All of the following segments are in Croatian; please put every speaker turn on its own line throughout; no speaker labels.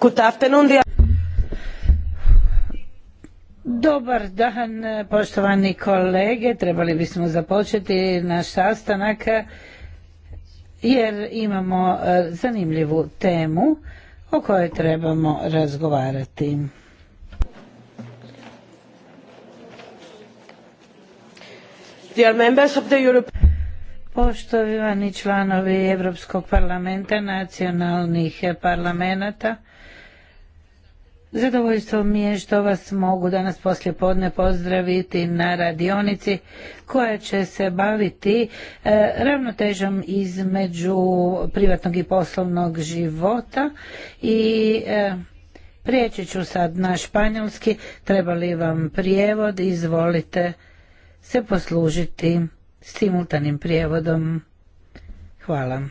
Good Dobar dan, poštovani kolege. Trebali bismo započeti naš sastanak jer imamo e, zanimljivu temu o kojoj trebamo razgovarati. Dear members of the European Poštovani članovi Europskog parlamenta, nacionalnih parlamenta, zadovoljstvo mi je što vas mogu danas poslje podne pozdraviti na radionici koja će se baviti e, ravnotežom između privatnog i poslovnog života i e, Prijeći ću sad na španjolski, treba li vam prijevod, izvolite se poslužiti simultanim prijevodom. Hvala.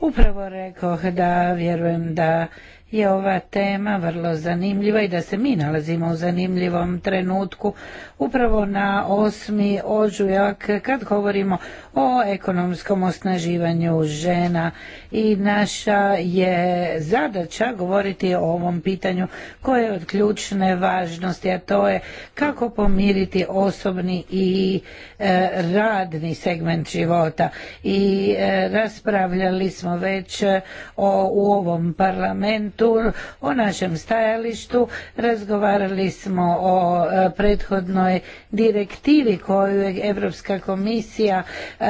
Upravo rekoh da vjerujem da je ova tema vrlo zanimljiva i da se mi nalazimo u zanimljivom trenutku upravo na osmi ožujak kad govorimo o ekonomskom osnaživanju žena i naša je zadaća govoriti o ovom pitanju koje je od ključne važnosti a to je kako pomiriti osobni i e, radni segment života i e, raspravljali smo već e, o, u ovom parlamentu kulturu, o našem stajalištu. Razgovarali smo o e, prethodnoj direktivi koju je Europska komisija e,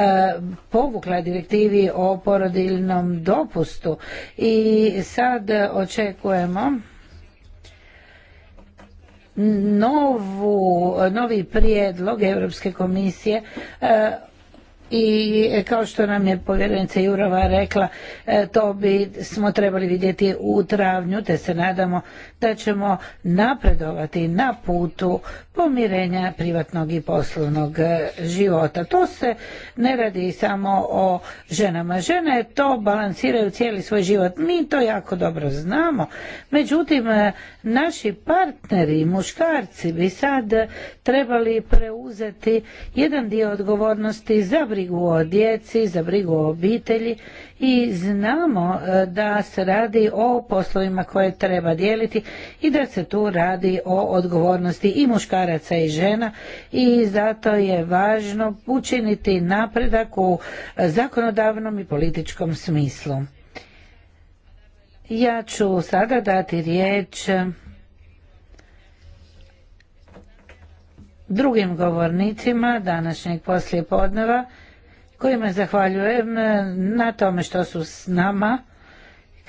povukla direktivi o porodiljnom dopustu i sad očekujemo novi prijedlog Europske komisije e, i e, kao što nam je povjerenica Jurova rekla e, to bi smo trebali vidjeti u travnju te se nadamo da ćemo napredovati na putu pomirenja privatnog i poslovnog e, života. To se ne radi samo o ženama. Žene to balansiraju cijeli svoj život. Mi to jako dobro znamo. Međutim, naši partneri, muškarci bi sad trebali preuzeti jedan dio odgovornosti za brigu o djeci, za brigu o obitelji i znamo e, da se radi o poslovima koje treba dijeliti i da se tu radi o odgovornosti i muškaraca i žena i zato je važno učiniti napredak u zakonodavnom i političkom smislu. Ja ću sada dati riječ drugim govornicima današnjeg poslijepodneva kojima zahvaljujem e, na tome što su s nama.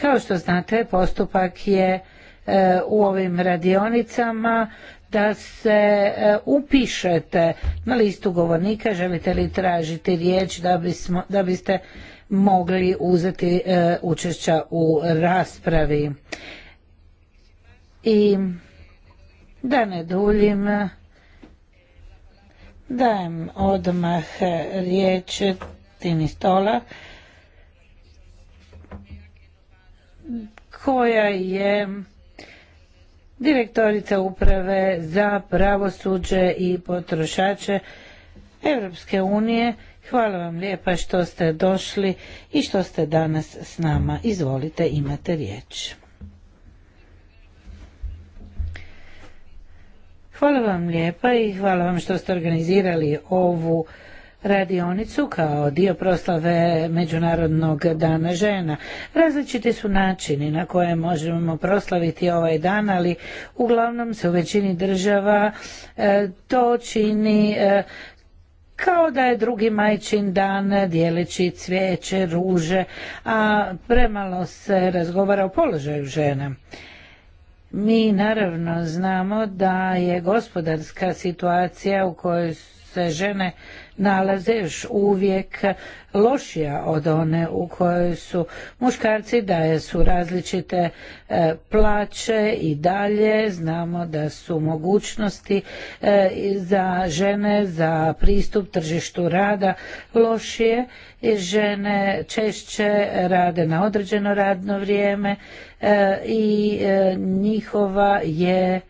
Kao što znate, postupak je e, u ovim radionicama da se e, upišete na listu govornika, želite li tražiti riječ da, bismo, da biste mogli uzeti učešća u raspravi. I da ne duljim, Dajem odmah riječ Tini Stola koja je direktorica uprave za pravosuđe i potrošače Europske unije. Hvala vam lijepa što ste došli i što ste danas s nama. Izvolite, imate riječ. Hvala vam lijepa i hvala vam što ste organizirali ovu radionicu kao dio proslave Međunarodnog dana žena. Različiti su načini na koje možemo proslaviti ovaj dan, ali uglavnom se u većini država e, to čini e, kao da je drugi majčin dan dijeleći cvijeće, ruže, a premalo se razgovara o položaju žena. Mi naravno znamo da je gospodarska situacija u kojoj se žene nalaze još uvijek lošija od one u kojoj su muškarci, da su različite e, plaće i dalje. Znamo da su mogućnosti e, za žene za pristup tržištu rada lošije. Žene češće rade na određeno radno vrijeme e, i njihova je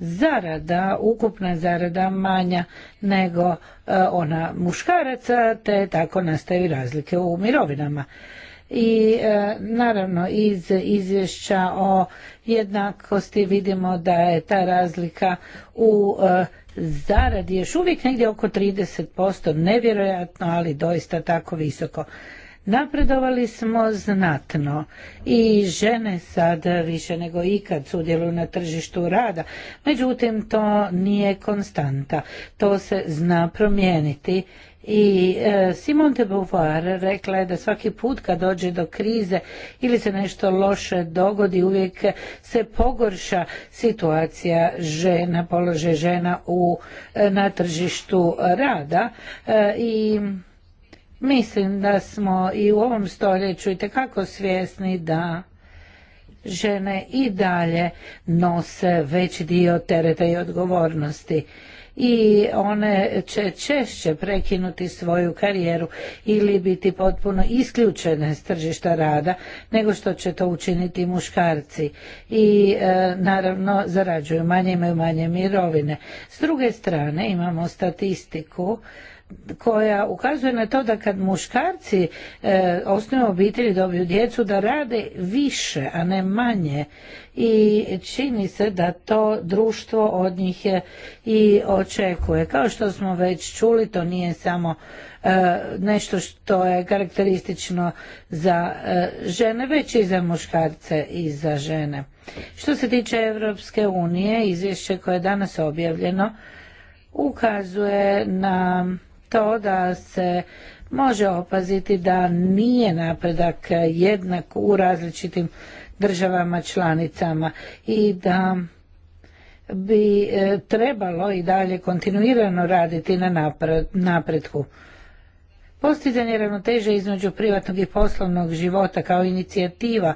zarada, ukupna zarada manja nego e, ona muškaraca, te tako nastaju razlike u mirovinama. I e, naravno iz izvješća o jednakosti vidimo da je ta razlika u e, zaradi još uvijek negdje oko 30%, nevjerojatno, ali doista tako visoko. Napredovali smo znatno i žene sada više nego ikad sudjeluju na tržištu rada, međutim to nije konstanta, to se zna promijeniti i e, Simon de Beauvoir rekla je da svaki put kad dođe do krize ili se nešto loše dogodi uvijek se pogorša situacija žena, položaj žena u, e, na tržištu rada e, i Mislim da smo i u ovom stoljeću i tekako svjesni da žene i dalje nose veći dio tereta i odgovornosti i one će češće prekinuti svoju karijeru ili biti potpuno isključene s tržišta rada nego što će to učiniti muškarci i e, naravno zarađuju manje imaju manje mirovine s druge strane imamo statistiku koja ukazuje na to da kad muškarci e, obitelji dobiju djecu da rade više a ne manje i čini se da to društvo od njih je i očekuje kao što smo već čuli to nije samo e, nešto što je karakteristično za e, žene već i za muškarce i za žene što se tiče Europske unije izvješće koje je danas objavljeno ukazuje na to da se može opaziti da nije napredak jednak u različitim državama članicama i da bi e, trebalo i dalje kontinuirano raditi na napretku. Postizanje ravnoteže između privatnog i poslovnog života kao inicijativa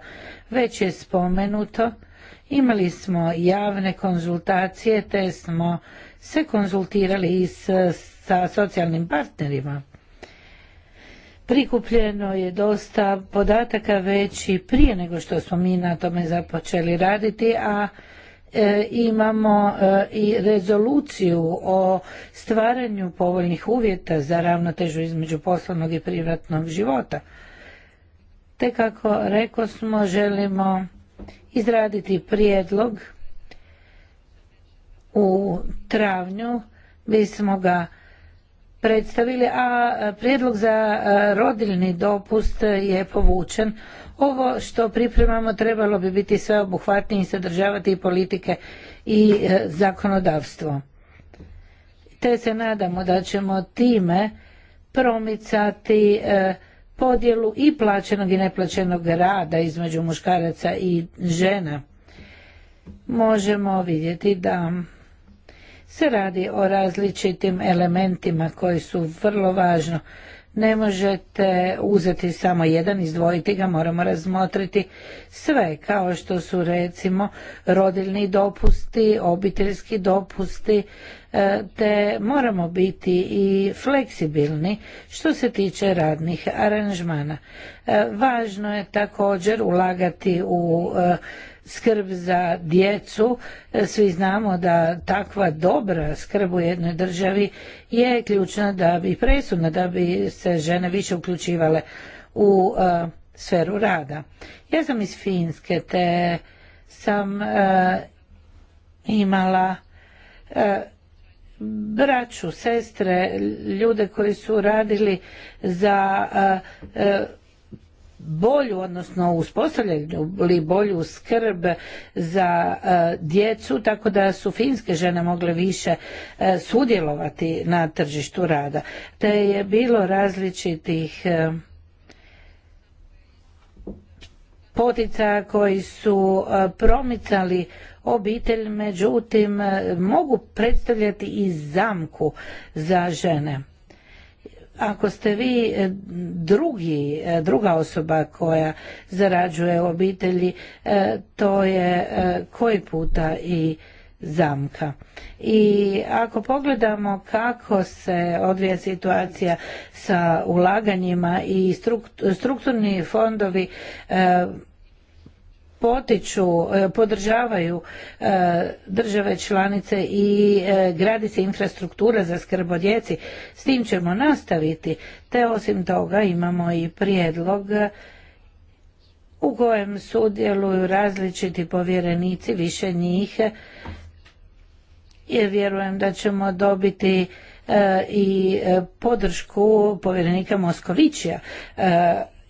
već je spomenuto. Imali smo javne konzultacije te smo se konzultirali i s sa socijalnim partnerima. Prikupljeno je dosta podataka već i prije nego što smo mi na tome započeli raditi, a e, imamo e, i rezoluciju o stvaranju povoljnih uvjeta za ravnotežu između poslovnog i privatnog života. Te kako reko smo, želimo izraditi prijedlog u travnju, bismo ga predstavili, a e, prijedlog za e, rodiljni dopust je povučen. Ovo što pripremamo trebalo bi biti sveobuhvatnije i sadržavati i politike i e, zakonodavstvo. Te se nadamo da ćemo time promicati podjelu i plaćenog i neplaćenog rada između muškaraca i žena. Možemo vidjeti da se radi o različitim elementima koji su vrlo važno. Ne možete uzeti samo jedan, izdvojiti ga, moramo razmotriti sve, kao što su recimo rodilni dopusti, obiteljski dopusti, e, te moramo biti i fleksibilni što se tiče radnih aranžmana. E, važno je također ulagati u e, skrb za djecu. E, svi znamo da takva dobra skrb u jednoj državi je ključna da bi presudna, da bi se žene više uključivale u e, sferu rada. Ja sam iz Finske te sam e, imala braću, sestre, ljude koji su radili za bolju, odnosno li bolju skrb za e, djecu, tako da su finske žene mogle više e, sudjelovati na tržištu rada. Te je bilo različitih e, potica koji su promicali obitelj, međutim mogu predstavljati i zamku za žene ako ste vi e, drugi, e, druga osoba koja zarađuje u obitelji, e, to je koji puta i zamka. I ako pogledamo kako se odvija situacija sa ulaganjima i strukturni fondovi potiču, e, podržavaju e, države članice i e, gradi se infrastruktura za skrb o djeci. S tim ćemo nastaviti, te osim toga imamo i prijedlog u kojem sudjeluju različiti povjerenici, više njih, jer vjerujem da ćemo dobiti i podršku povjerenika Moskovićija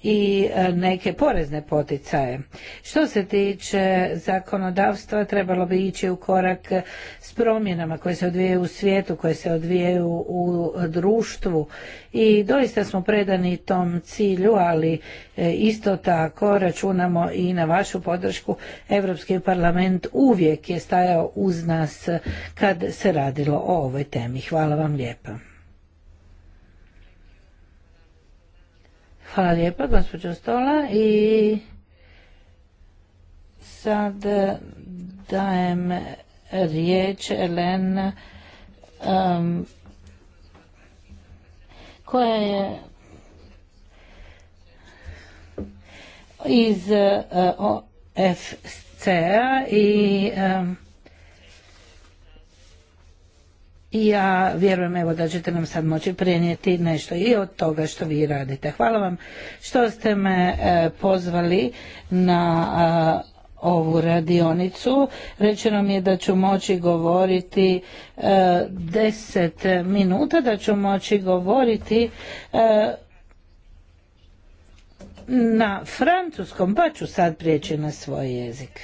i e, neke porezne poticaje. Što se tiče zakonodavstva, trebalo bi ići u korak s promjenama koje se odvijaju u svijetu, koje se odvijaju u društvu i doista smo predani tom cilju, ali e, isto tako računamo i na vašu podršku. Europski parlament uvijek je stajao uz nas kad se radilo o ovoj temi. Hvala vam lijepa. Hvala lijepa, gospođo Stola. I sad dajem riječ Elen um, koja je iz uh, OFC-a i um, i ja vjerujem evo da ćete nam sad moći prenijeti nešto i od toga što vi radite. Hvala vam što ste me e, pozvali na ovu radionicu. Rečeno mi je da ću moći govoriti e, deset minuta, da ću moći govoriti e,
na francuskom, pa ću sad prijeći na svoj jezik.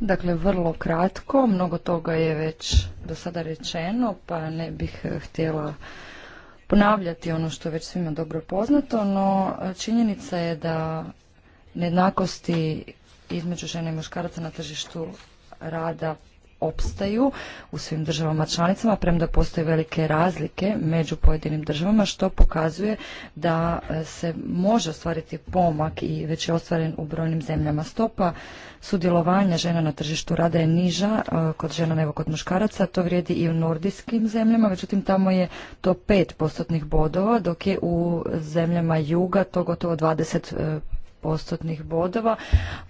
Dakle, vrlo kratko, mnogo toga je već do sada rečeno, pa ne bih eh, htjela ponavljati ono što je već svima dobro poznato, no eh, činjenica je da nejednakosti između žene i muškaraca na tržištu rada opstaju u svim državama članicama, premda postoje velike razlike među pojedinim državama, što pokazuje da e, se može ostvariti pomak i već je ostvaren u brojnim zemljama. Stopa sudjelovanja žena na tržištu rada je niža e, kod žena nego kod muškaraca, to vrijedi i u nordijskim zemljama, međutim tamo je to 5 postotnih bodova, dok je u zemljama juga to gotovo 20 postotnih bodova,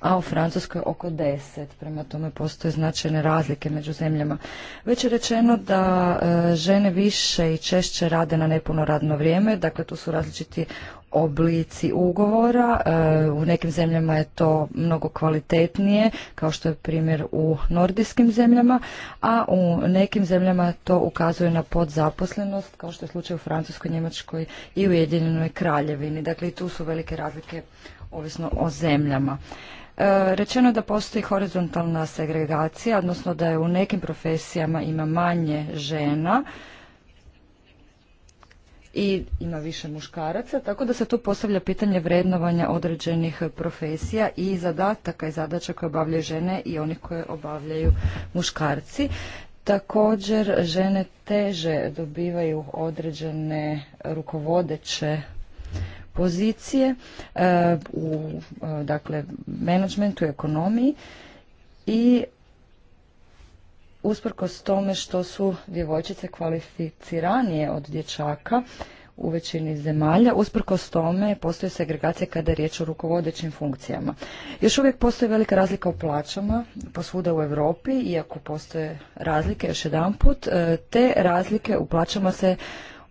a u Francuskoj oko 10. Prema tome postoje značajne razlike među zemljama. Već je rečeno da e, žene više i češće rade na nepuno radno vrijeme, dakle tu su različiti oblici ugovora. E, u nekim zemljama je to mnogo kvalitetnije, kao što je primjer u nordijskim zemljama, a u nekim zemljama to ukazuje na podzaposlenost, kao što je slučaj u Francuskoj, Njemačkoj i Ujedinjenoj kraljevini. Dakle, i tu su velike razlike ovisno o zemljama. E, rečeno je da postoji horizontalna segregacija, odnosno da je u nekim profesijama ima manje žena i ima više muškaraca, tako da se tu postavlja pitanje vrednovanja određenih profesija i zadataka i zadaća koje obavljaju žene i onih koje obavljaju muškarci. Također žene teže dobivaju određene rukovodeće pozicije e, u e, dakle, menadžmentu i ekonomiji i usprkos tome što su djevojčice kvalificiranije od dječaka u većini zemalja, usprkos tome postoje segregacije kada je riječ o rukovodećim funkcijama. Još uvijek postoji velika razlika u plaćama posvuda u Europi, iako postoje razlike još jedanput. E, te razlike u plaćama se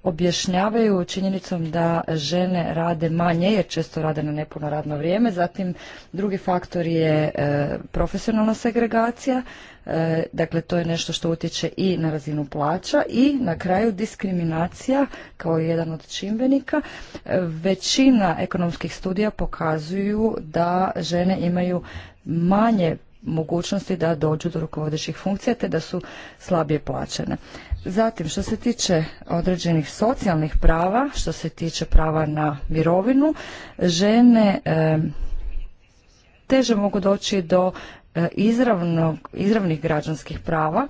objašnjavaju činjenicom da žene rade manje jer često rade na nepuno radno vrijeme. Zatim drugi faktor je e, profesionalna segregacija, e, dakle to je nešto što utječe i na razinu plaća i na kraju diskriminacija kao jedan od čimbenika. E, većina ekonomskih studija pokazuju da žene imaju manje mogućnosti da dođu do rukovodećih funkcija te da su slabije plaćene. Zatim, što se tiče određenih socijalnih prava, što se tiče prava na mirovinu, žene e, teže mogu doći do e, izravnog, izravnih građanskih prava.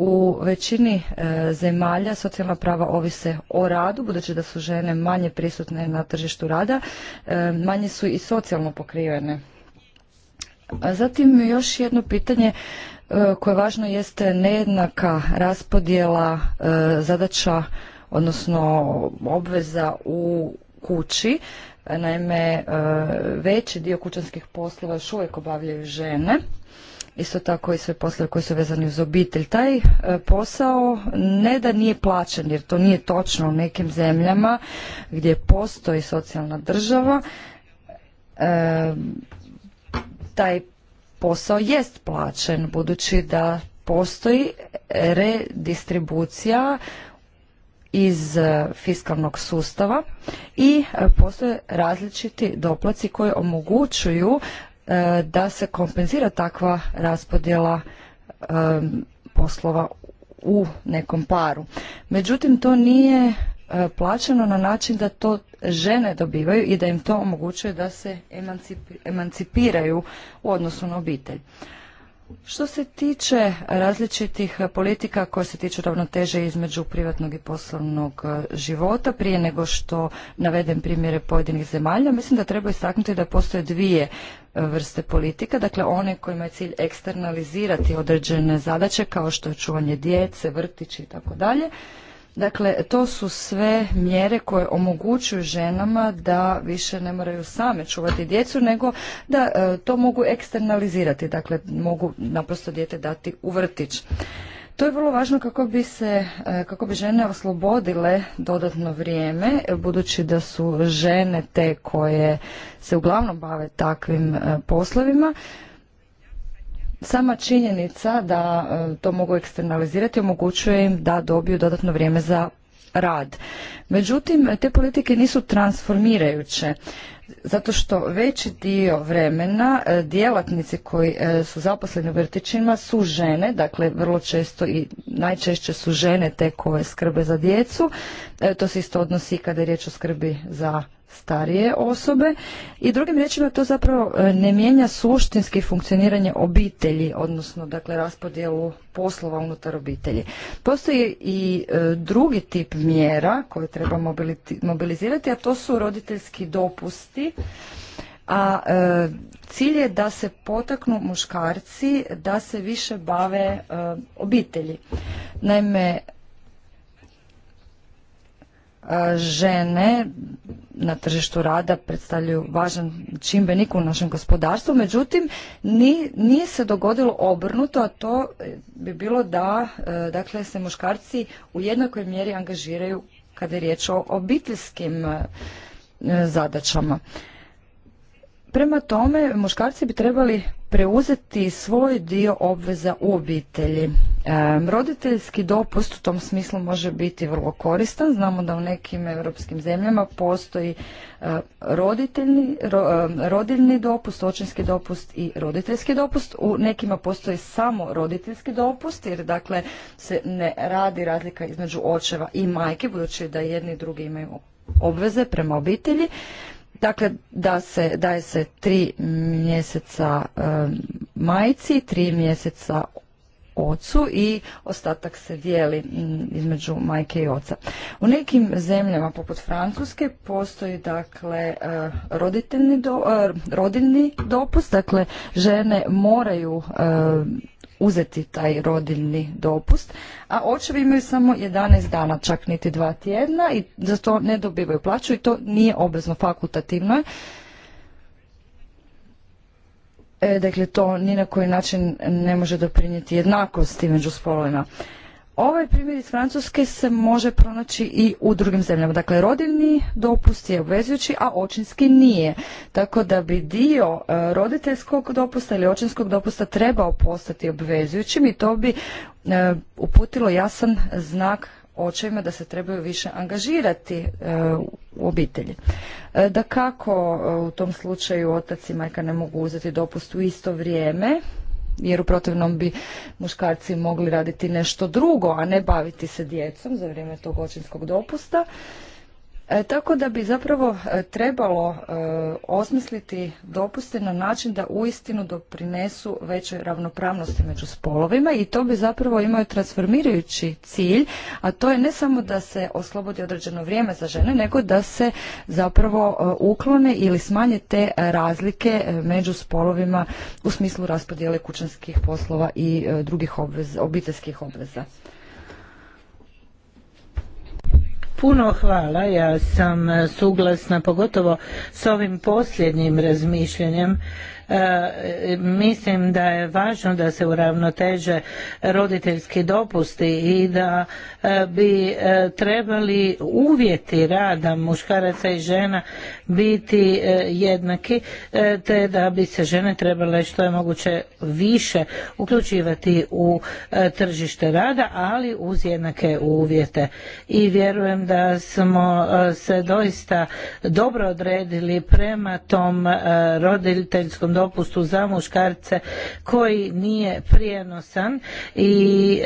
U većini e, zemalja socijalna prava ovise o radu, budući da su žene manje prisutne na tržištu rada, manje su i socijalno pokrivene zatim još jedno pitanje e, koje je važno jeste nejednaka raspodjela e, zadaća, odnosno obveza u kući. Naime, e, veći dio kućanskih poslova još uvijek obavljaju žene. Isto tako i sve poslove koji su vezani uz obitelj. Taj posao ne da nije plaćen, jer to nije točno u nekim zemljama gdje postoji socijalna država, taj posao jest plaćen budući da postoji redistribucija iz fiskalnog sustava i postoje različiti doplaci koji omogućuju e, da se kompenzira takva raspodjela e, poslova u nekom paru. Međutim, to nije E, plaćeno na način da to žene dobivaju i da im to omogućuje da se emancipiraju u odnosu na obitelj. Što se tiče različitih politika koje se tiču ravnoteže između privatnog i poslovnog e, života, prije nego što navedem primjere pojedinih zemalja, mislim da treba istaknuti da postoje dvije e, vrste politika, dakle one kojima je cilj eksternalizirati određene zadaće kao što je čuvanje djece, vrtići i tako dalje, Dakle, to su sve mjere koje omogućuju ženama da više ne moraju same čuvati djecu, nego da e, to mogu eksternalizirati, dakle mogu naprosto dijete dati u vrtić. To je vrlo važno kako bi se, e, kako bi žene oslobodile dodatno vrijeme, budući da su žene te koje se uglavnom bave takvim e, poslovima. Sama činjenica da e, to mogu eksternalizirati omogućuje im da dobiju dodatno vrijeme za rad. Međutim, te politike nisu transformirajuće zato što veći dio vremena e, djelatnici koji e, su zaposleni u vrtićima su žene, dakle vrlo često i najčešće su žene te koje skrbe za djecu. To se isto odnosi kada je riječ o skrbi za starije osobe i drugim riječima to zapravo e, ne mijenja suštinski funkcioniranje obitelji, odnosno dakle raspodjelu poslova unutar obitelji. Postoji i e, drugi tip mjera koje treba mobilizirati, a to su roditeljski dopusti, a e, cilj je da se potaknu muškarci da se više bave obitelji. Naime, žene na tržištu rada predstavljaju važan čimbenik u našem gospodarstvu, međutim nije se dogodilo obrnuto, a to e, bi bilo da e, dakle, se muškarci u jednakoj mjeri angažiraju kada je riječ o obiteljskim e, zadaćama. Prema tome, muškarci bi trebali preuzeti svoj dio obveza u obitelji. E, roditeljski dopust u tom smislu može biti vrlo koristan. Znamo da u nekim europskim zemljama postoji e, roditeljni, e, rodiljni dopust, očinski dopust i roditeljski dopust. U nekima postoji samo roditeljski dopust jer dakle se ne radi razlika između očeva i majke budući da jedni i drugi imaju obveze prema obitelji. Dakle, da se, daje se tri mjeseca e, majci, tri mjeseca ocu i ostatak se dijeli mm, između majke i oca. U nekim zemljama poput Francuske postoji dakle e, roditeljni e, dopust, dakle žene moraju uzeti taj rodiljni dopust, a očevi imaju samo 11 dana, čak niti dva tjedna i za to ne dobivaju plaću i to nije obvezno fakultativno. E, dakle, to ni na koji način ne može doprinijeti jednakosti među spolovima. Ovaj primjer iz Francuske se može pronaći i u drugim zemljama. Dakle, rodilni dopust je obvezujući, a očinski nije. Tako da bi dio e, roditeljskog dopusta ili očinskog dopusta trebao postati obvezujućim i to bi e, uputilo jasan znak očevima da se trebaju više angažirati e, u obitelji. Da kako u tom slučaju otac i majka ne mogu uzeti dopust u isto vrijeme, jer u protivnom bi muškarci mogli raditi nešto drugo, a ne baviti se djecom za vrijeme tog očinskog dopusta. E, tako da bi zapravo e, trebalo e, osmisliti dopuste na način da uistinu doprinesu većoj ravnopravnosti među spolovima i to bi zapravo imao transformirajući cilj, a to je ne samo da se oslobodi određeno vrijeme za žene, nego da se zapravo uklone ili smanje te razlike među spolovima u smislu raspodjele kućanskih poslova i drugih obveza, obiteljskih obveza.
Puno hvala, ja sam e, suglasna pogotovo s ovim posljednjim razmišljanjem E, mislim da je važno da se uravnoteže roditeljski dopusti i da e, bi e, trebali uvjeti rada muškaraca i žena biti jednaki te da bi se žene trebale što je moguće više uključivati u tržište rada ali uz jednake uvjete i vjerujem da smo se doista dobro odredili prema tom roditeljskom dopustu za muškarce koji nije prijenosan i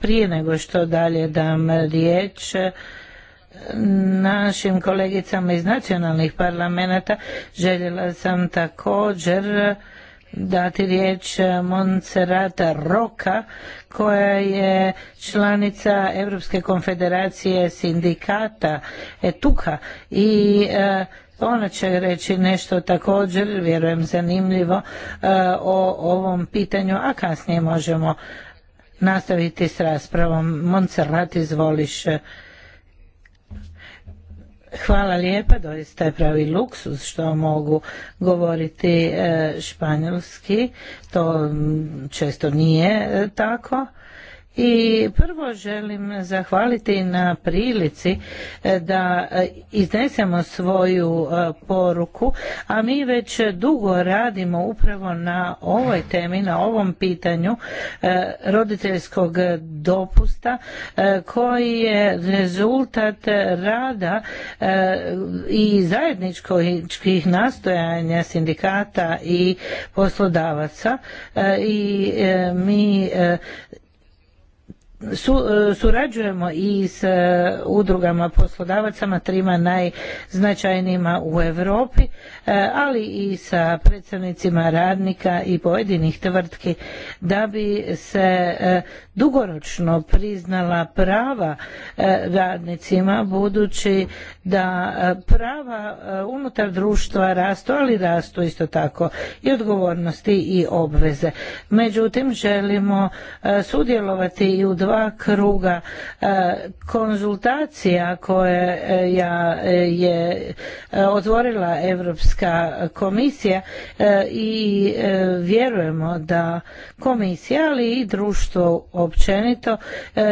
prije nego što dalje dam riječ e, našim kolegicama iz nacionalnih parlamenta željela sam također dati riječ Monserata Roka koja je članica Europske konfederacije sindikata Etuka i e, ona će reći nešto također, vjerujem zanimljivo, e, o ovom pitanju, a kasnije možemo nastaviti s raspravom. Montserrat, izvoliš. Hvala lijepa, doista je pravi luksus što mogu govoriti e, španjolski, to često nije e, tako i prvo želim zahvaliti na prilici e, da e, iznesemo svoju e, poruku, a mi već dugo radimo upravo na ovoj temi, na ovom pitanju roditeljskog dopusta koji je rezultat rada i zajedničkih nastojanja sindikata i poslodavaca i mi E, surađujemo i s e, udrugama poslodavacama, trima najznačajnijima u Europi, e, ali i sa predstavnicima radnika i pojedinih tvrtki da bi se dugoročno priznala prava radnicima budući da prava unutar društva rastu, ali rastu isto tako i odgovornosti i obveze. Međutim, želimo sudjelovati i u dva kruga e, konzultacija koje e, e, je otvorila Europska komisija i vjerujemo da komisija ali i društvo općenito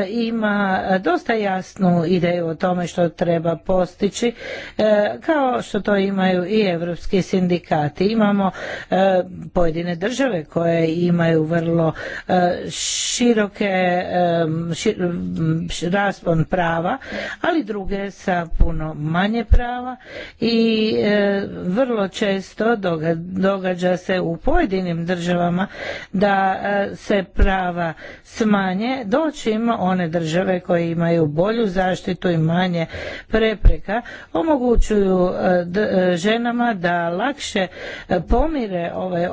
ima dosta jasnu ideju o tome što treba postići kao što to imaju i europski sindikati. Imamo pojedine države koje imaju vrlo široke Um, um, raspon prava, ali druge sa puno manje prava i e, vrlo često događa se u pojedinim državama da e, se prava smanje ima one države koje imaju bolju zaštitu i manje prepreka omogućuju e, ženama da lakše pomire ove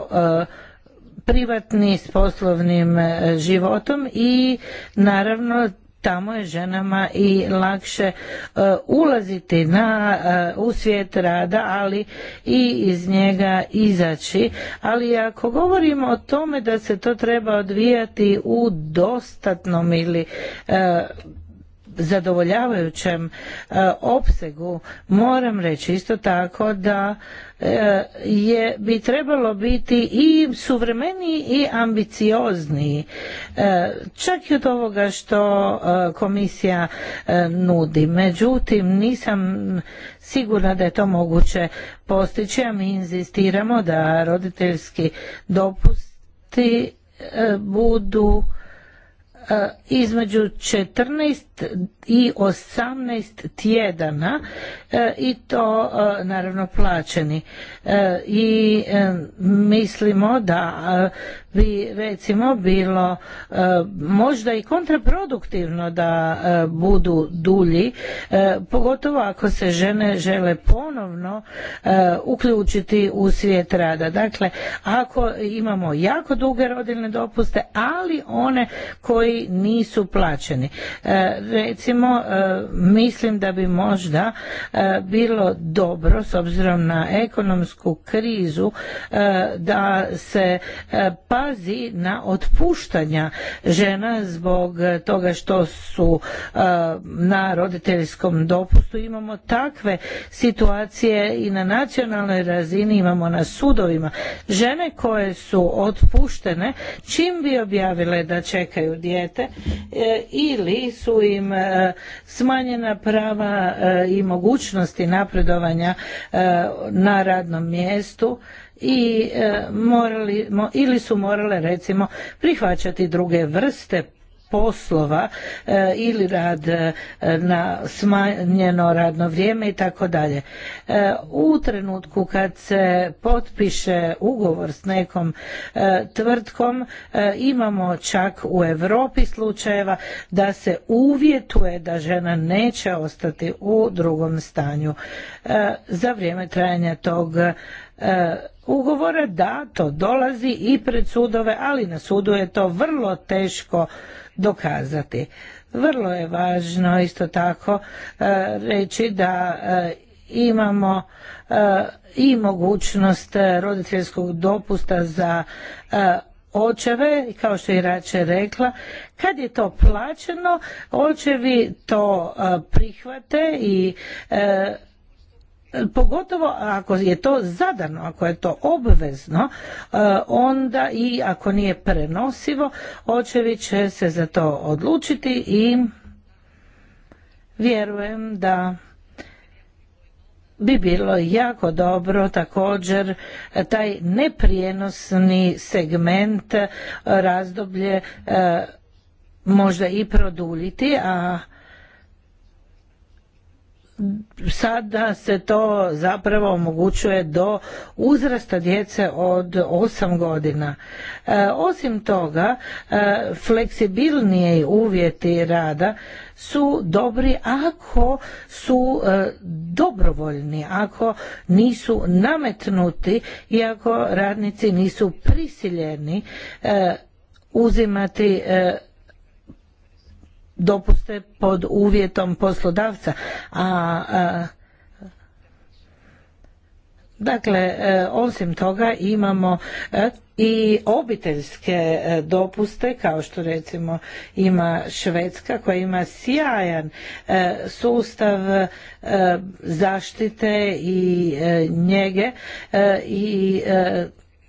privatni s poslovnim e, životom i naravno tamo je ženama i lakše e, ulaziti na e, u svijet rada ali i iz njega izaći ali ako govorimo o tome da se to treba odvijati u dostatnom ili zadovoljavajućem e, opsegu moram reći isto tako da e, je bi trebalo biti i suvremeniji i ambiciozniji e, čak i od ovoga što komisija nudi međutim nisam sigurna da je to moguće postići a mi inzistiramo da roditeljski dopusti budu E, između 14 i 18 tjedana e, i to e, naravno plaćeni i mislimo da bi recimo bilo e, možda i kontraproduktivno da e, budu dulji e, pogotovo ako se žene žele ponovno uključiti u svijet rada dakle ako imamo jako duge rodilne dopuste ali one koji nisu plaćeni recimo mislim da bi možda bilo dobro s obzirom na ekonomsku krizu da se pa pazi na otpuštanja žena zbog toga što su e, na roditeljskom dopustu. Imamo takve situacije i na nacionalnoj razini, imamo na sudovima. Žene koje su otpuštene, čim bi objavile da čekaju dijete e, ili su im e, smanjena prava i mogućnosti napredovanja na radnom mjestu i e, morali, ili su morale recimo prihvaćati druge vrste poslova e, ili rad e, na smanjeno radno vrijeme i tako dalje. U trenutku kad se potpiše ugovor s nekom tvrtkom imamo čak u Europi slučajeva da se uvjetuje da žena neće ostati u drugom stanju za vrijeme trajanja tog E, ugovora, da, to dolazi i pred sudove, ali na sudu je to vrlo teško dokazati. Vrlo je važno isto tako e, reći da e, imamo i mogućnost roditeljskog dopusta za očeve, kao što je Rače rekla, kad je to plaćeno, očevi to prihvate i pogotovo ako je to zadano, ako je to obvezno, e, onda i ako nije prenosivo, očevi će se za to odlučiti i vjerujem da bi bilo jako dobro također taj neprijenosni segment e, razdoblje e, možda i produljiti, a sada se to zapravo omogućuje do uzrasta djece od 8 godina. E, osim toga, e, fleksibilniji uvjeti rada su dobri ako su e, dobrovoljni, ako nisu nametnuti i ako radnici nisu prisiljeni uzimati dopuste pod uvjetom poslodavca a Dakle, e, osim toga imamo e, i obiteljske e, dopuste, kao što recimo ima Švedska koja ima sjajan sustav zaštite i njege i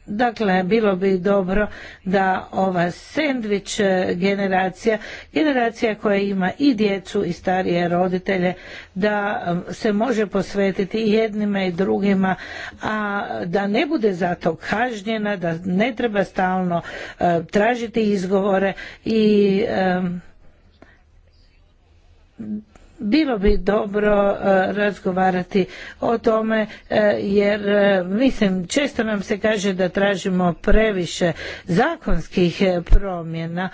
Dakle, bilo bi dobro da ova sandvič eh, generacija, generacija koja ima i djecu i starije roditelje, da eh, se može posvetiti i jednima i drugima, a da ne bude zato kažnjena, da ne treba stalno eh, tražiti izgovore i bilo bi dobro e, razgovarati o tome e, jer e, mislim često nam se kaže da tražimo previše zakonskih promjena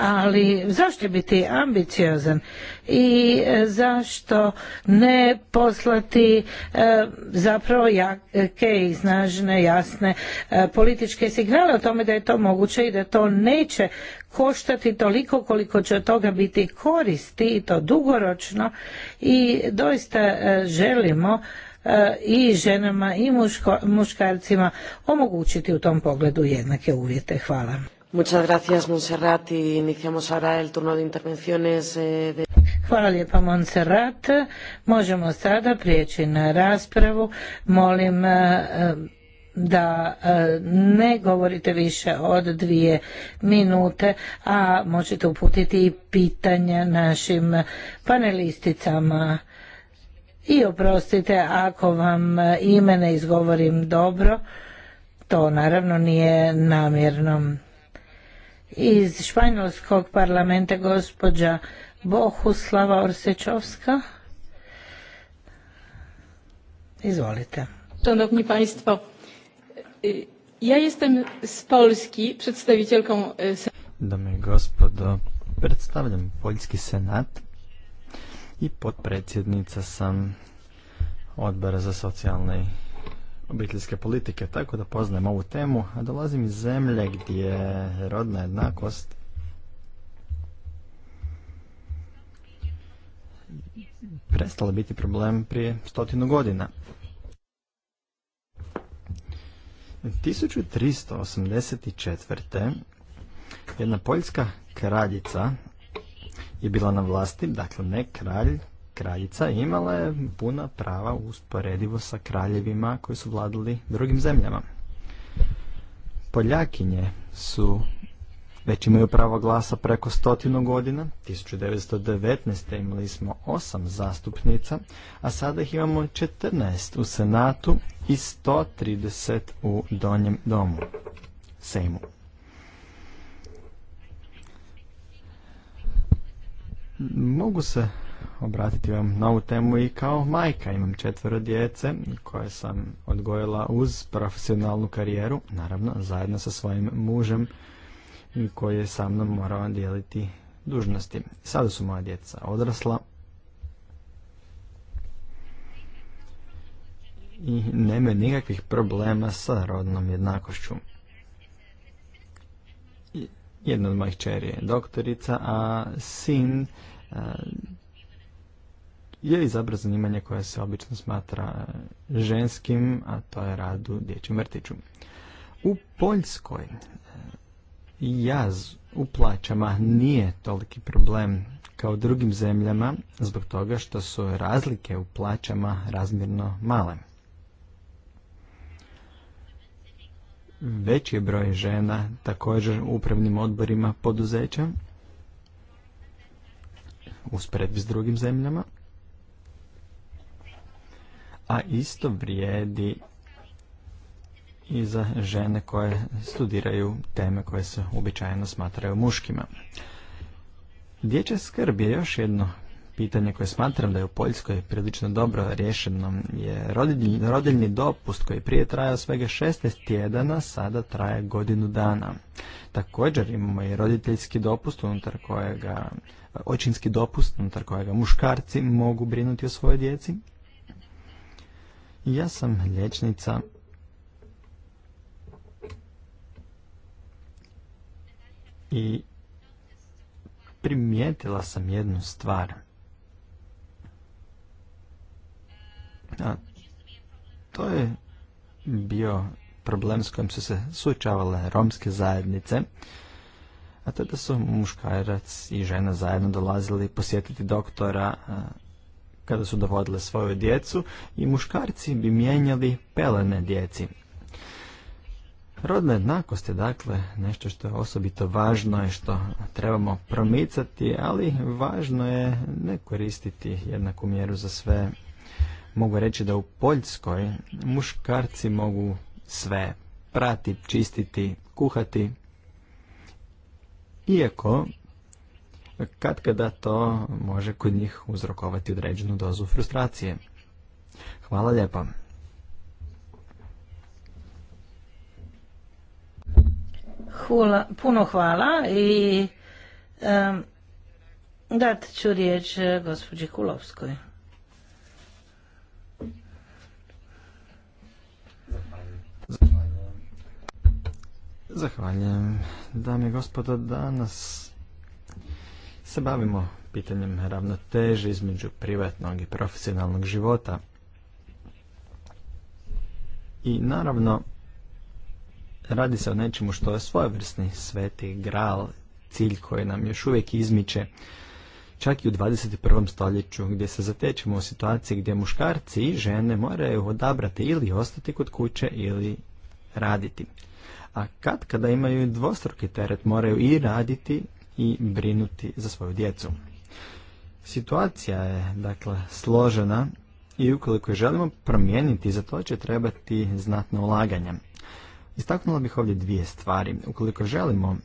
ali zašto biti ambiciozan i zašto ne poslati zapravo jake i snažne jasne političke signale o tome da je to moguće i da to neće koštati toliko koliko će od toga biti koristi i to dugoročno i doista e, želimo e, i ženama i muškarcima omogućiti u tom pogledu jednake uvjete. Hvala.
Muchas gracias, eh, Hvala lijepa,
Monserrat. Možemo sada prijeći na raspravu. Molim e, da e, ne govorite više od dvije minute, a možete uputiti i pitanja našim panelisticama. I oprostite ako vam ime ne izgovorim dobro, to naravno nije namjerno. Iz Španjolskog parlamenta gospođa Bohuslava Orsečovska. Izvolite. Szanowni
Państwo, ja jestem z Polski, przedstawicielką... E, Dame i gospodo, predstavljam Poljski senat i potpredsjednica sam odbora za socijalne obiteljske politike, tako da poznajem ovu temu, a dolazim iz zemlje gdje je rodna jednakost prestala biti problem prije stotinu godina. 1384. jedna poljska kraljica je bila na vlasti, dakle ne kralj, kraljica imala je puna prava usporedivo sa kraljevima koji su vladali drugim zemljama. Poljakinje su već imaju pravo glasa preko stotinu godina. 1919. imali smo osam zastupnica, a sada ih imamo 14 u Senatu i 130 u Donjem domu, Sejmu. Mogu se obratiti vam na ovu temu i kao majka. Imam četvero djece koje sam odgojila uz profesionalnu karijeru, naravno zajedno sa svojim mužem i koji je sa mnom morao dijeliti dužnosti. Sada su moja djeca odrasla i nema nikakvih problema sa rodnom jednakošću. Jedna od mojih čeri je doktorica, a sin je izabrao zanimanje koje se obično smatra ženskim, a to je rad u dječjem vrtiću. U Poljskoj jaz u plaćama nije toliki problem kao u drugim zemljama zbog toga što su razlike u plaćama razmjerno male. Veći je broj žena također u upravnim odborima poduzeća usporedbi s drugim zemljama, a isto vrijedi i za žene koje studiraju teme koje se običajno smatraju muškima. Dječja skrb je još jedno pitanje koje smatram da je u Poljskoj prilično dobro rješeno je rodiljni dopust koji prije trajao svega 16 tjedana, sada traje godinu dana. Također imamo i roditeljski dopust unutar kojega, očinski dopust unutar kojega muškarci mogu brinuti o svojoj djeci. Ja sam liječnica i primijetila sam jednu stvar. A to je bio problem s kojim su se suočavale romske zajednice, a to da su muškarac i žena zajedno dolazili posjetiti doktora kada su dovodile svoju djecu i muškarci bi mijenjali pelene djeci. Rodna jednakost je dakle nešto što je osobito važno i što trebamo promicati, ali važno je ne koristiti jednaku mjeru za sve. Mogu reći da u Poljskoj muškarci mogu sve prati, čistiti, kuhati, iako kad kada to može kod njih uzrokovati određenu dozu frustracije. Hvala lijepa.
puno hvala i um, dat ću riječ e, gospođi Kulovskoj.
Zahvaljujem. Dame i gospodo, danas se bavimo pitanjem ravnoteže između privatnog i profesionalnog života. I naravno, radi se o nečemu što je svojevrsni sveti gral, cilj koji nam još uvijek izmiče čak i u 21. stoljeću gdje se zatečemo u situaciji gdje muškarci i žene moraju odabrati ili ostati kod kuće ili raditi. A kad kada imaju dvostruki teret moraju i raditi i brinuti za svoju djecu. Situacija je dakle složena i ukoliko je želimo promijeniti za to će trebati znatno ulaganja. Istaknula bih ovdje dvije stvari. Ukoliko želimo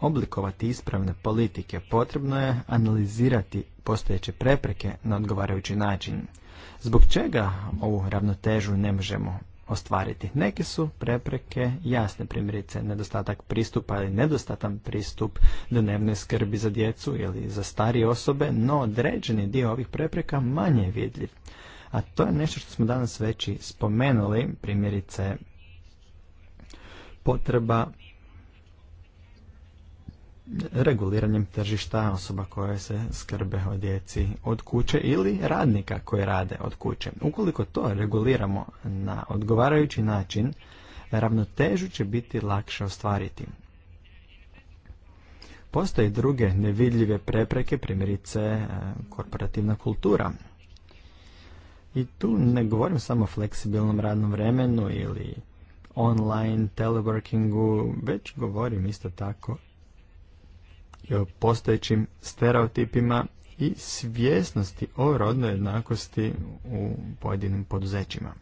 oblikovati ispravne politike, potrebno je analizirati postojeće prepreke na odgovarajući način. Zbog čega ovu ravnotežu ne možemo ostvariti? Neke su prepreke jasne primjerice, nedostatak pristupa ili nedostatan pristup dnevne skrbi za djecu ili za starije osobe, no određeni dio ovih prepreka manje je vidljiv. A to je nešto što smo danas već spomenuli, primjerice potreba reguliranjem tržišta osoba koje se skrbe o djeci od kuće ili radnika koji rade od kuće. Ukoliko to reguliramo na odgovarajući način, ravnotežu će biti lakše ostvariti. Postoje druge nevidljive prepreke, primjerice e, korporativna kultura. I tu ne govorim samo o fleksibilnom radnom vremenu ili online teleworkingu, već govorim isto tako i o postojećim stereotipima i svjesnosti o rodnoj jednakosti u pojedinim poduzećima.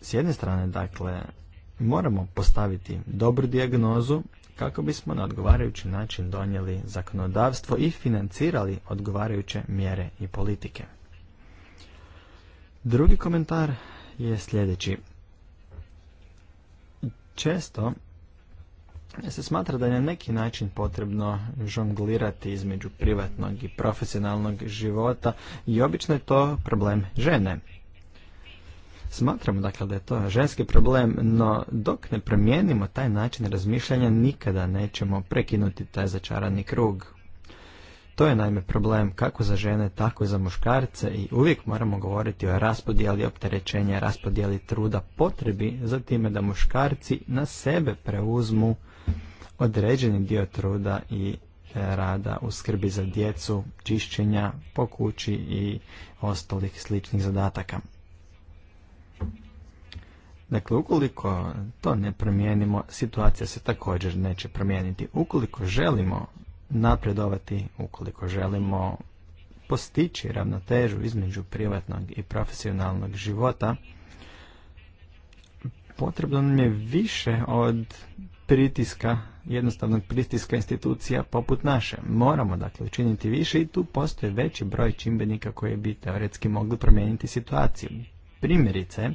S jedne strane, dakle, moramo postaviti dobru dijagnozu, kako bismo na odgovarajući način donijeli zakonodavstvo i financirali odgovarajuće mjere i politike. Drugi komentar je sljedeći. Često se smatra da je na neki način potrebno žonglirati između privatnog i profesionalnog života i obično je to problem žene. Smatramo dakle da je to ženski problem, no dok ne promijenimo taj način razmišljanja nikada nećemo prekinuti taj začarani krug. To je naime problem kako za žene, tako i za muškarce i uvijek moramo govoriti o raspodijeli opterećenja, raspodijeli truda, potrebi za time da muškarci na sebe preuzmu određeni dio truda i e, rada u skrbi za djecu, čišćenja po kući i ostalih sličnih zadataka. Dakle, ukoliko to ne promijenimo, situacija se također neće promijeniti. Ukoliko želimo napredovati, ukoliko želimo postići ravnotežu između privatnog i profesionalnog života, potrebno nam je više od pritiska, jednostavnog pritiska institucija poput naše. Moramo dakle učiniti više i tu postoje veći broj čimbenika koji bi teoretski mogli promijeniti situaciju. Primjerice,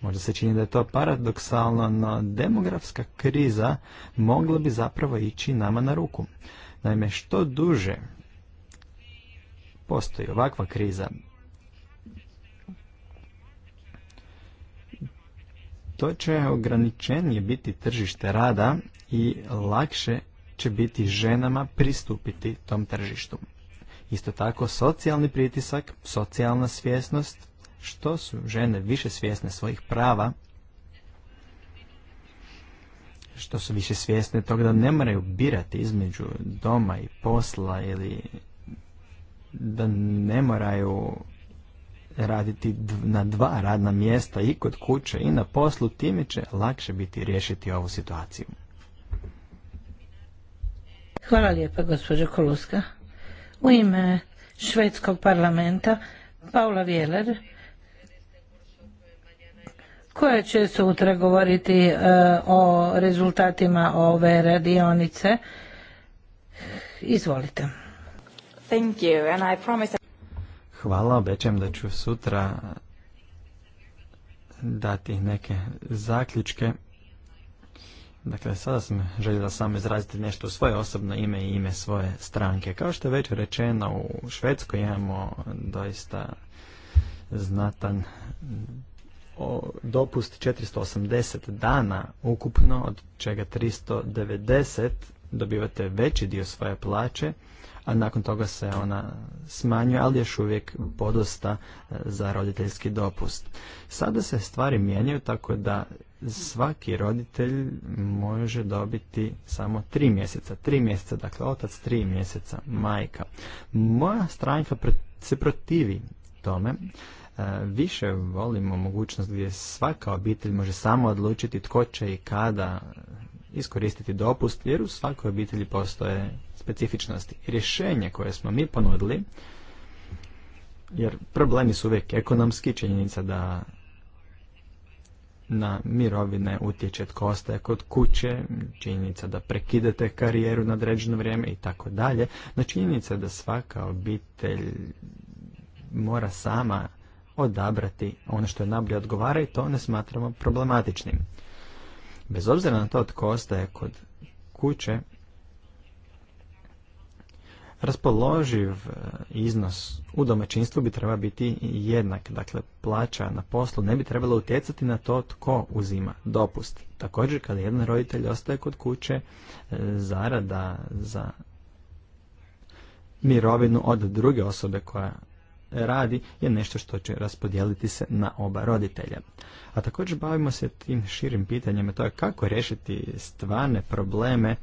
možda se čini da je to paradoksalno, no demografska kriza mogla bi zapravo ići nama na ruku. Naime, što duže postoji ovakva kriza, to će ograničenije biti tržište rada i lakše će biti ženama pristupiti tom tržištu. Isto tako socijalni pritisak, socijalna svjesnost što su žene više svjesne svojih prava, što su više svjesne toga da ne moraju birati između doma i posla ili da ne moraju raditi na dva radna mjesta i kod kuće i na poslu, time će lakše biti riješiti ovu situaciju.
Hvala lijepa gospođo Koluska. U ime švedskog parlamenta Paula Vjeler koja će sutra govoriti e, o rezultatima ove radionice. Izvolite.
Hvala, obećam da ću sutra dati neke zaključke. Dakle, sada sam željela samo izraziti nešto u svoje osobno ime i ime svoje stranke. Kao što je već rečeno, u Švedskoj imamo doista znatan dopust 480 dana ukupno, od čega 390 dobivate veći dio svoje plaće, a nakon toga se ona smanjuje, ali još uvijek podosta e, za roditeljski dopust. Sada se stvari mijenjaju tako da svaki roditelj može dobiti samo tri mjeseca. Tri mjeseca, dakle otac, tri mjeseca, majka. Moja stranka se protivi tome više volimo mogućnost gdje svaka obitelj može samo odlučiti tko će i kada iskoristiti dopust, jer u svakoj obitelji postoje specifičnosti. Rješenje koje smo mi ponudili, jer problemi su uvijek ekonomski, činjenica da na mirovine utječe tko ostaje kod kuće, činjenica da prekidate karijeru na određeno vrijeme i tako dalje. No činjenica da svaka obitelj mora sama odabrati ono što je najbolje odgovara i to ne smatramo problematičnim. Bez obzira na to tko ostaje kod kuće, raspoloživ e, iznos u domaćinstvu bi treba biti jednak. Dakle, plaća na poslu ne bi trebala utjecati na to tko uzima dopust. Također, kada jedan roditelj ostaje kod kuće, e, zarada za mirovinu od druge osobe koja radi je nešto što će raspodijeliti se na oba roditelja. A također bavimo se tim širim pitanjem, to je kako riješiti stvarne probleme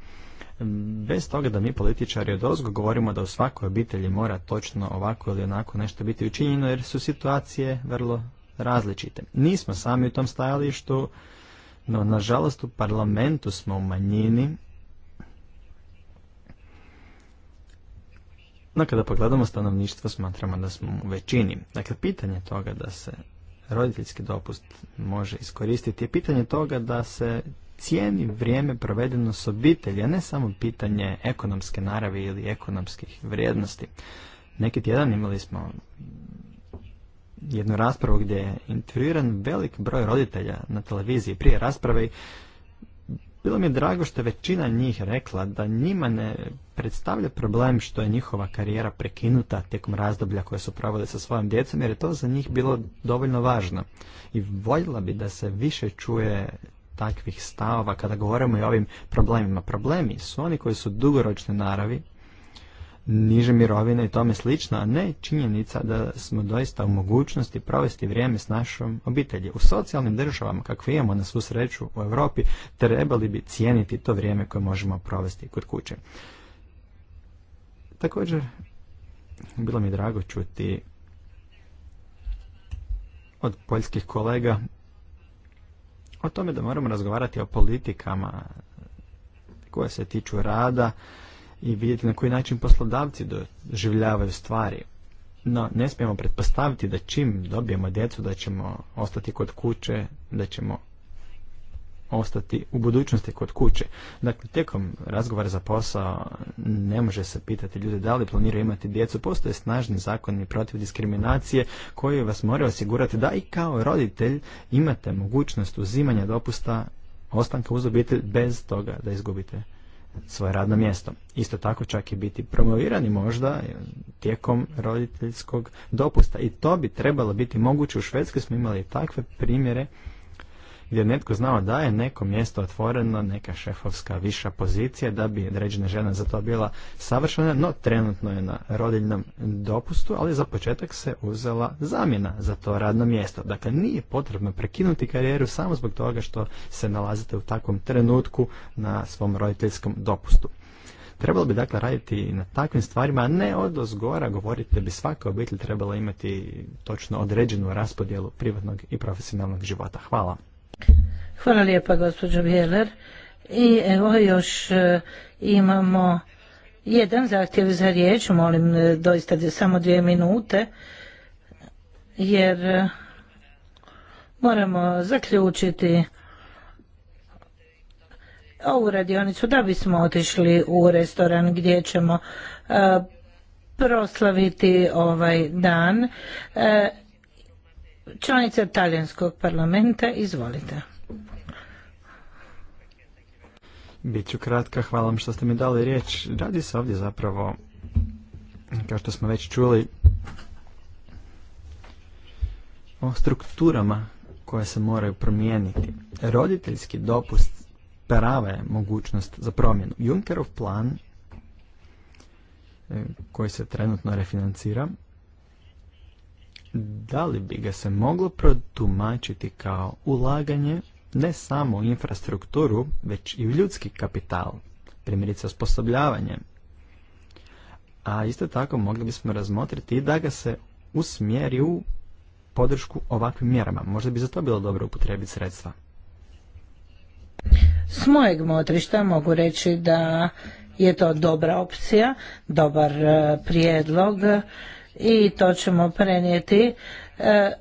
bez toga da mi političari od ozgo govorimo da u svakoj obitelji mora točno ovako ili onako nešto biti učinjeno jer su situacije vrlo različite. Nismo sami u tom stajalištu, no nažalost u parlamentu smo u manjini No kada pogledamo stanovništvo smatramo da smo u većini. Dakle, pitanje toga da se roditeljski dopust može iskoristiti je pitanje toga da se cijeni vrijeme provedeno s obitelji, a ne samo pitanje ekonomske naravi ili ekonomskih vrijednosti. Neki tjedan imali smo jednu raspravu gdje je intervjuiran velik broj roditelja na televiziji prije rasprave bilo mi je drago što je većina njih rekla da njima ne predstavlja problem što je njihova karijera prekinuta tijekom razdoblja koje su provode sa svojom djecom, jer je to za njih bilo dovoljno važno. I voljela bi da se više čuje takvih stavova kada govorimo i o ovim problemima. Problemi su oni koji su dugoročne naravi, niže mirovine i tome slično, a ne činjenica da smo doista u mogućnosti provesti vrijeme s našom obitelji. U socijalnim državama, kakve imamo na svu sreću u Europi, trebali bi cijeniti to vrijeme koje možemo provesti kod kuće. Također, bilo mi je drago čuti od poljskih kolega o tome da moramo razgovarati o politikama koje se tiču rada, i vidjeti na koji način poslodavci doživljavaju stvari. No, ne smijemo pretpostaviti da čim dobijemo djecu da ćemo ostati kod kuće, da ćemo ostati u budućnosti kod kuće. Dakle, tijekom razgovara za posao ne može se pitati ljude da li planiraju imati djecu. Postoje snažni zakoni protiv diskriminacije koji vas moraju osigurati da i kao roditelj imate mogućnost uzimanja dopusta ostanka uz obitelj bez toga da izgubite svoje radno mjesto. Isto tako čak i biti promovirani možda tijekom roditeljskog dopusta. I to bi trebalo biti moguće. U Švedskoj smo imali takve primjere gdje netko znao da je neko mjesto otvoreno, neka šefovska viša pozicija da bi određena žena za to bila savršena, no trenutno je na rodiljnom dopustu, ali za početak se uzela zamjena za to radno mjesto. Dakle, nije potrebno prekinuti karijeru samo zbog toga što se nalazite u takvom trenutku na svom roditeljskom dopustu. Trebalo bi dakle raditi na takvim stvarima, a ne od ozgora govoriti da bi svaka obitelj trebala imati točno određenu raspodjelu privatnog i profesionalnog života. Hvala.
Hvala lijepa gospođo Bjeler. I evo još e, imamo jedan zahtjev za riječ, molim e, doista samo dvije minute, jer e, moramo zaključiti ovu radionicu da bismo otišli u restoran gdje ćemo proslaviti ovaj dan članica talijanskog parlamenta, izvolite.
Biću kratka, hvala vam što ste mi dali riječ. Radi se ovdje zapravo, kao što smo već čuli, o strukturama koje se moraju promijeniti. Roditeljski dopust prava je mogućnost za promjenu. Junckerov plan e, koji se trenutno refinancira da li bi ga se moglo protumačiti kao ulaganje ne samo u infrastrukturu, već i u ljudski kapital, primjerice osposobljavanje. A isto tako mogli bismo razmotriti da ga se usmjeri u podršku ovakvim mjerama. Možda bi za to bilo dobro upotrebiti sredstva. S
mojeg motrišta mogu reći da je to dobra opcija, dobar e, prijedlog i to ćemo prenijeti e,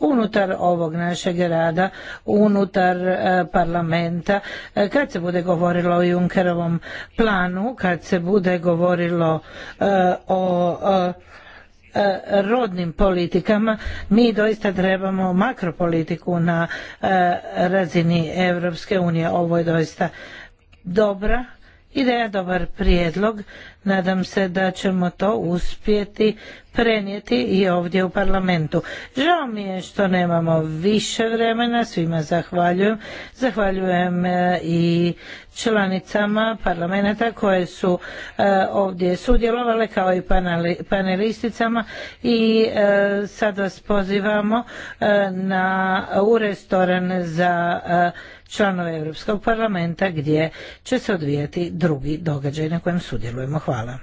unutar ovog našeg rada, unutar e, parlamenta, e, kad se bude govorilo o Junkerovom planu, kad se bude govorilo o rodnim politikama, mi doista trebamo makropolitiku na razini Europske unije. Ovo je doista dobra Ideja dobar prijedlog, nadam se da ćemo to uspjeti prenijeti i ovdje u parlamentu. Žao mi je što nemamo više vremena, svima zahvaljujem. Zahvaljujem e, i članicama parlamenta koje su e, ovdje sudjelovale kao i panelisticama i e, sad vas pozivamo na, u restoran za članove Europskog parlamenta gdje će se odvijati drugi događaj na kojem sudjelujemo. Hvala.